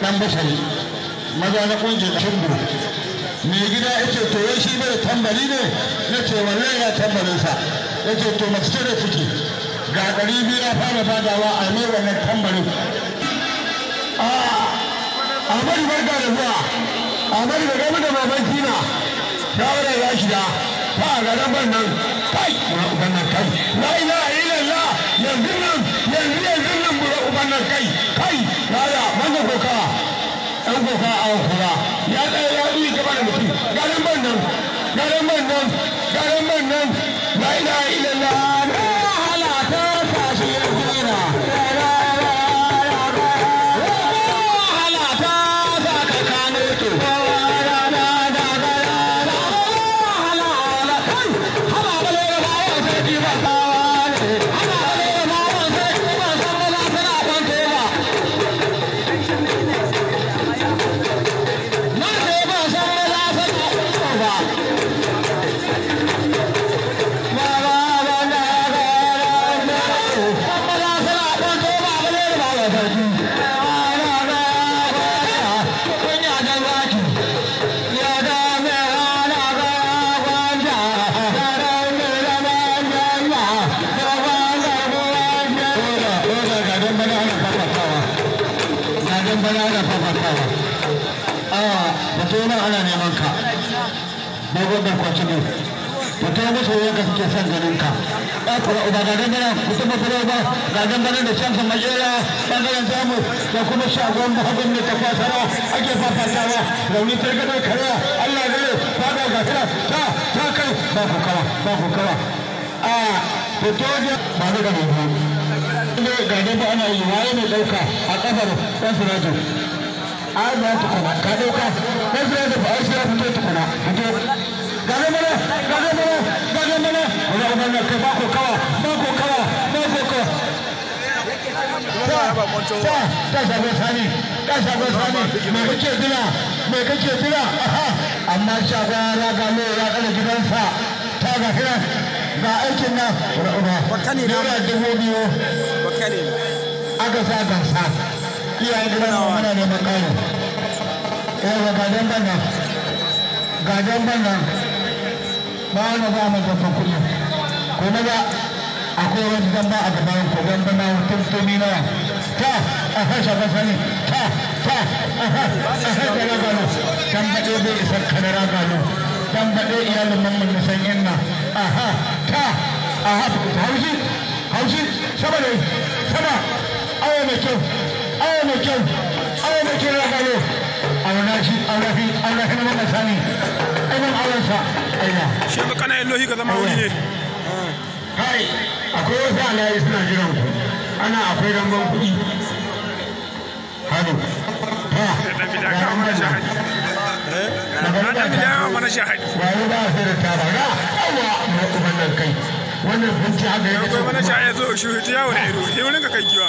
dan basari maza na kungin cimbu mai gida ya ce to ya shi bai tambari ne na ce wallahi ya tambarin sa ya ce to masu tare suke ga ɗari biyu na fara fadawa a mai wannan tambarin a amari barka da zuwa amadu da gami da baban tina shawara ya shiga ta a garin bannan kai na nan kai la ilaha illallah yanzu nan yanzu yanzu nan mu nan kai kai yaya manga koka dan koka a koka ya tsaya ya yi gaba da mutum garin bannan garin bannan garin bannan bana ana fafatawa awa ba ta ana neman ka ba gwamnan kwaci ne ba ta yi yanka suke son ganin ka ba kuma uba ga gangana mutum ba kuma ba ga gangana da shan sa majera bangaren zamu da kuma shagon ba hagun da ta kwasara ake fafatawa rauni ta gadar karya allah ne fada ga ta ta ta kai ba ku kawa ba ku kawa a fito da ba ni da mai tsalle ga dabo ana yi waye mai dauka a kafar dan surajo arba tukuna ka dauka dan surajo ba arshi ya fito tukuna fito ga dabo ne ga dabo ne ga dabo ne wala uban nan kai ba ko kawa ba ko kawa ba ko kawa ta ta shago sani ta shago sani me kake jira me kake jira amma shago ya raga lo ya kala gidansa ta ga ga aikin nan ra'uba naira dubu biyu aka sa gasa iyayen gidan mu muna neman ƙari yawa ga ba wani ba kuma akwai wani a gaban ku damba na tuntuni nawa ta a ta ta a isa iyalin aha ta aha aya mai kyau aya mai kyau aya mai kyau ya kayo auna shi auna fi auna kana maka sani ainihin aurensa aina shi ka kana yin lohi ka zama wuri ne kai akwai wasu alayi suna jiran ku ana akwai ramban kuɗi hannu ta awa kuma kai wannan bunci ya zo mana shi ya zo ya wani ido ka kai giwa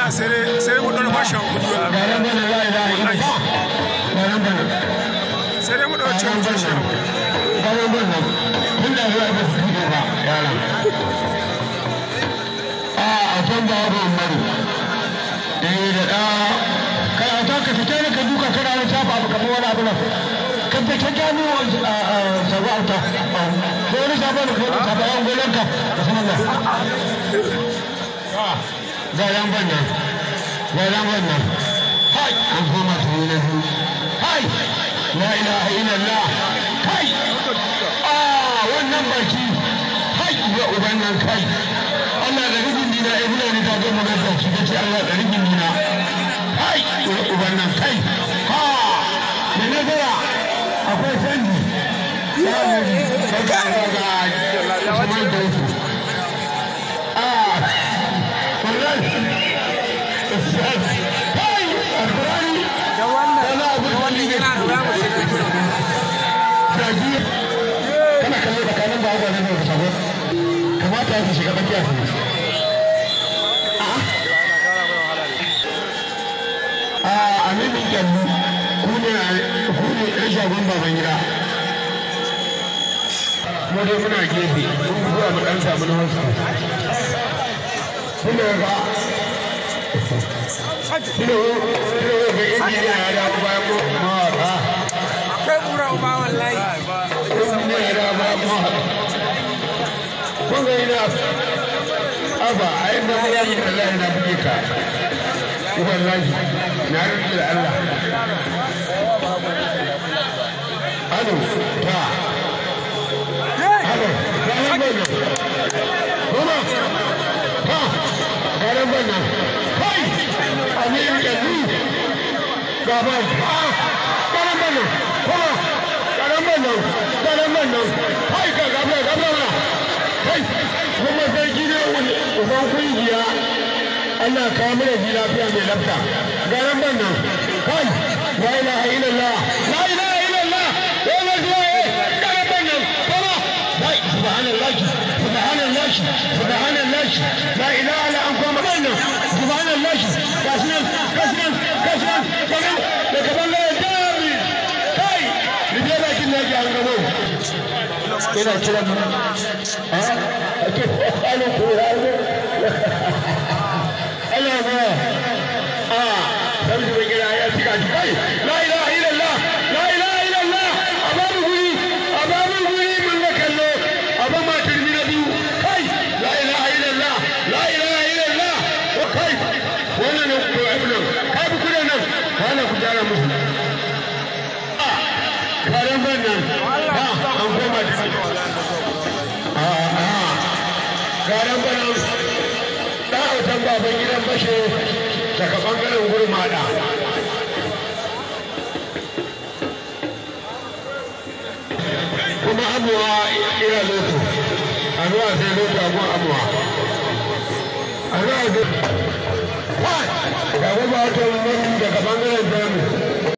wallahi sai dai sai mu da yaro mari eh da da kai a taka fita ne ka duka kana wani tafa abu kamar wani abu nan kan ta kan gano sabu'auta ko wani sabon da kai da sabon golanka zaren bannan zaren bannan hai an koma su yi na biyu la ilaha illallah kai a ah, wannan baki hai ya uban nan kai Allah da rigin dina ya bula ni ta ga mu gaza shi ta ce Allah da rigin dina kai ya uban nan kai ha da nazara akwai canji ya ne ga ga tsakiya su shiga tsakiya su a aminin kyallu ku ne ku ne ɗan shagon baban gida mu dai muna gefe mun zuwa mu ɗan samu na wasu kuna ga kuna ga injiniya ya dawo bayan mu mawaka kai kura ba wallahi injiniya ya dawo bayan mawaka kun ga ina aba ai ba wallahi wallahi na buge ka wallahi na rubuta da Allah alo ta alo garan bana goma ta garan bana kai amin da ni gaban ta garan bana goma garan bana garan bana kai ka gabra gabra kuma sarki ne uban kungiya Allah ka ji lafiya mai lafta garan ban nan kai la ilaha illallah la ilaha illallah ya ban nan kuma kai la ilaha illa anta كده كده ها كده أيوة، قالوا كده قالوا ما اه خلوا بيجي عليها تيجي لا اله الا الله لا اله الا الله امام غري امام غري من مكانه امام ما ترمينا دي هاي لا اله الا الله لا اله الا الله وكيف وانا نقول ابنه كيف كنا نفس وانا كنت انا مسلم daga bangaren gurmada kuma abuwa ira loto a zuwa sai loto a abuwa a zuwa ga wata wani daga bangaren jamus